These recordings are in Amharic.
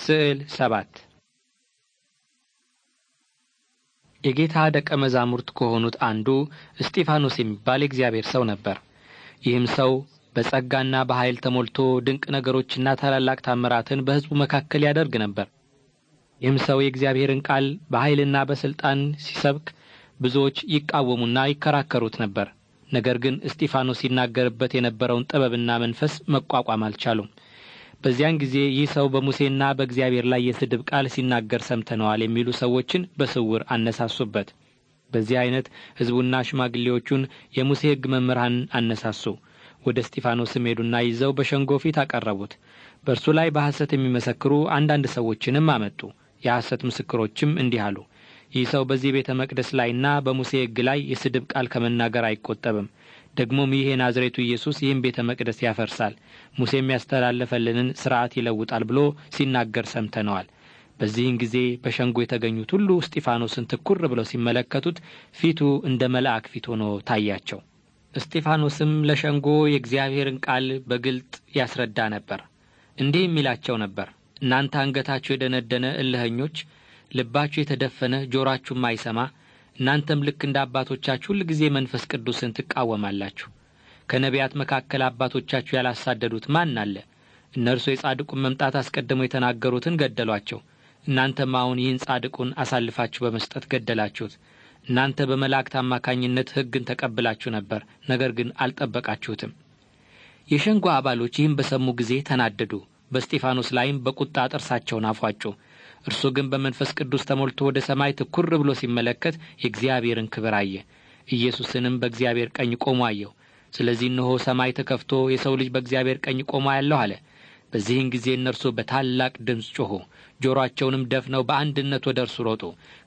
ስዕል ሰባት የጌታ ደቀ መዛሙርት ከሆኑት አንዱ እስጢፋኖስ የሚባል የእግዚአብሔር ሰው ነበር። ይህም ሰው በጸጋና በኃይል ተሞልቶ ድንቅ ነገሮችና ታላላቅ ታምራትን በሕዝቡ መካከል ያደርግ ነበር። ይህም ሰው የእግዚአብሔርን ቃል በኃይልና በሥልጣን ሲሰብክ ብዙዎች ይቃወሙና ይከራከሩት ነበር። ነገር ግን እስጢፋኖስ ይናገርበት የነበረውን ጥበብና መንፈስ መቋቋም አልቻሉም። በዚያን ጊዜ ይህ ሰው በሙሴና በእግዚአብሔር ላይ የስድብ ቃል ሲናገር ሰምተነዋል የሚሉ ሰዎችን በስውር አነሳሱበት። በዚህ አይነት ሕዝቡና ሽማግሌዎቹን የሙሴ ሕግ መምህራን አነሳሱ። ወደ እስጢፋኖስም ሄዱና ይዘው በሸንጎ ፊት አቀረቡት። በእርሱ ላይ በሐሰት የሚመሰክሩ አንዳንድ ሰዎችንም አመጡ። የሐሰት ምስክሮችም እንዲህ አሉ። ይህ ሰው በዚህ ቤተ መቅደስ ላይና በሙሴ ሕግ ላይ የስድብ ቃል ከመናገር አይቆጠብም። ደግሞም ይሄ ናዝሬቱ ኢየሱስ ይህን ቤተ መቅደስ ያፈርሳል፣ ሙሴም ያስተላለፈልንን ስርዓት ይለውጣል ብሎ ሲናገር ሰምተነዋል። በዚህን ጊዜ በሸንጎ የተገኙት ሁሉ እስጢፋኖስን ትኩር ብለው ሲመለከቱት ፊቱ እንደ መልአክ ፊት ሆኖ ታያቸው። እስጢፋኖስም ለሸንጎ የእግዚአብሔርን ቃል በግልጥ ያስረዳ ነበር። እንዲህ የሚላቸው ነበር። እናንተ አንገታችሁ የደነደነ እልኸኞች፣ ልባችሁ የተደፈነ ጆሮአችሁ ማይሰማ እናንተም ልክ እንደ አባቶቻችሁ ሁልጊዜ መንፈስ ቅዱስን ትቃወማላችሁ። ከነቢያት መካከል አባቶቻችሁ ያላሳደዱት ማን አለ? እነርሱ የጻድቁን መምጣት አስቀድመው የተናገሩትን ገደሏቸው። እናንተም አሁን ይህን ጻድቁን አሳልፋችሁ በመስጠት ገደላችሁት። እናንተ በመላእክት አማካኝነት ሕግን ተቀብላችሁ ነበር፣ ነገር ግን አልጠበቃችሁትም። የሸንጎ አባሎች ይህን በሰሙ ጊዜ ተናደዱ። በእስጢፋኖስ ላይም በቁጣ ጥርሳቸውን አፏጩ። እርሱ ግን በመንፈስ ቅዱስ ተሞልቶ ወደ ሰማይ ትኩር ብሎ ሲመለከት የእግዚአብሔርን ክብር አየ። ኢየሱስንም በእግዚአብሔር ቀኝ ቆሞ አየው። ስለዚህ እነሆ ሰማይ ተከፍቶ የሰው ልጅ በእግዚአብሔር ቀኝ ቆሞ ያለሁ አለ። በዚህን ጊዜ እነርሱ በታላቅ ድምፅ ጮኹ፣ ጆሮአቸውንም ደፍነው በአንድነት ወደ እርሱ ሮጡ።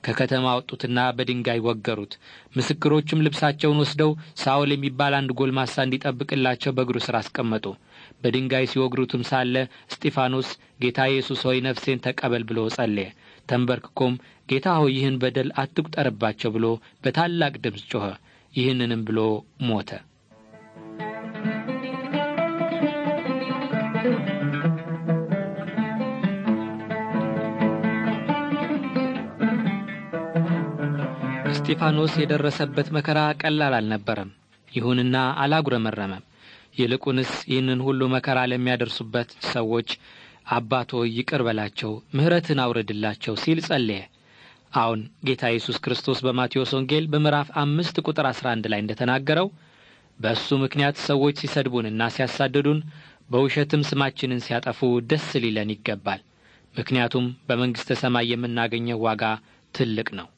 ከከተማ አወጡትና በድንጋይ ወገሩት። ምስክሮችም ልብሳቸውን ወስደው ሳውል የሚባል አንድ ጎልማሳ እንዲጠብቅላቸው በእግሩ ሥር አስቀመጡ። በድንጋይ ሲወግሩትም ሳለ እስጢፋኖስ ጌታ ኢየሱስ ሆይ ነፍሴን ተቀበል ብሎ ጸለየ። ተንበርክኮም ጌታ ሆይ ይህን በደል አትቁጠርባቸው ብሎ በታላቅ ድምፅ ጮኸ። ይህንንም ብሎ ሞተ። እስጢፋኖስ የደረሰበት መከራ ቀላል አልነበረም። ይሁንና አላጉረመረመም። ይልቁንስ ይህንን ሁሉ መከራ ለሚያደርሱበት ሰዎች አባቶ ይቅር በላቸው፣ ምሕረትን አውርድላቸው ሲል ጸለየ። አሁን ጌታ ኢየሱስ ክርስቶስ በማቴዎስ ወንጌል በምዕራፍ አምስት ቁጥር አስራ አንድ ላይ እንደተናገረው በእሱ ምክንያት ሰዎች ሲሰድቡንና ሲያሳድዱን በውሸትም ስማችንን ሲያጠፉ ደስ ሊለን ይገባል፣ ምክንያቱም በመንግሥተ ሰማይ የምናገኘው ዋጋ ትልቅ ነው።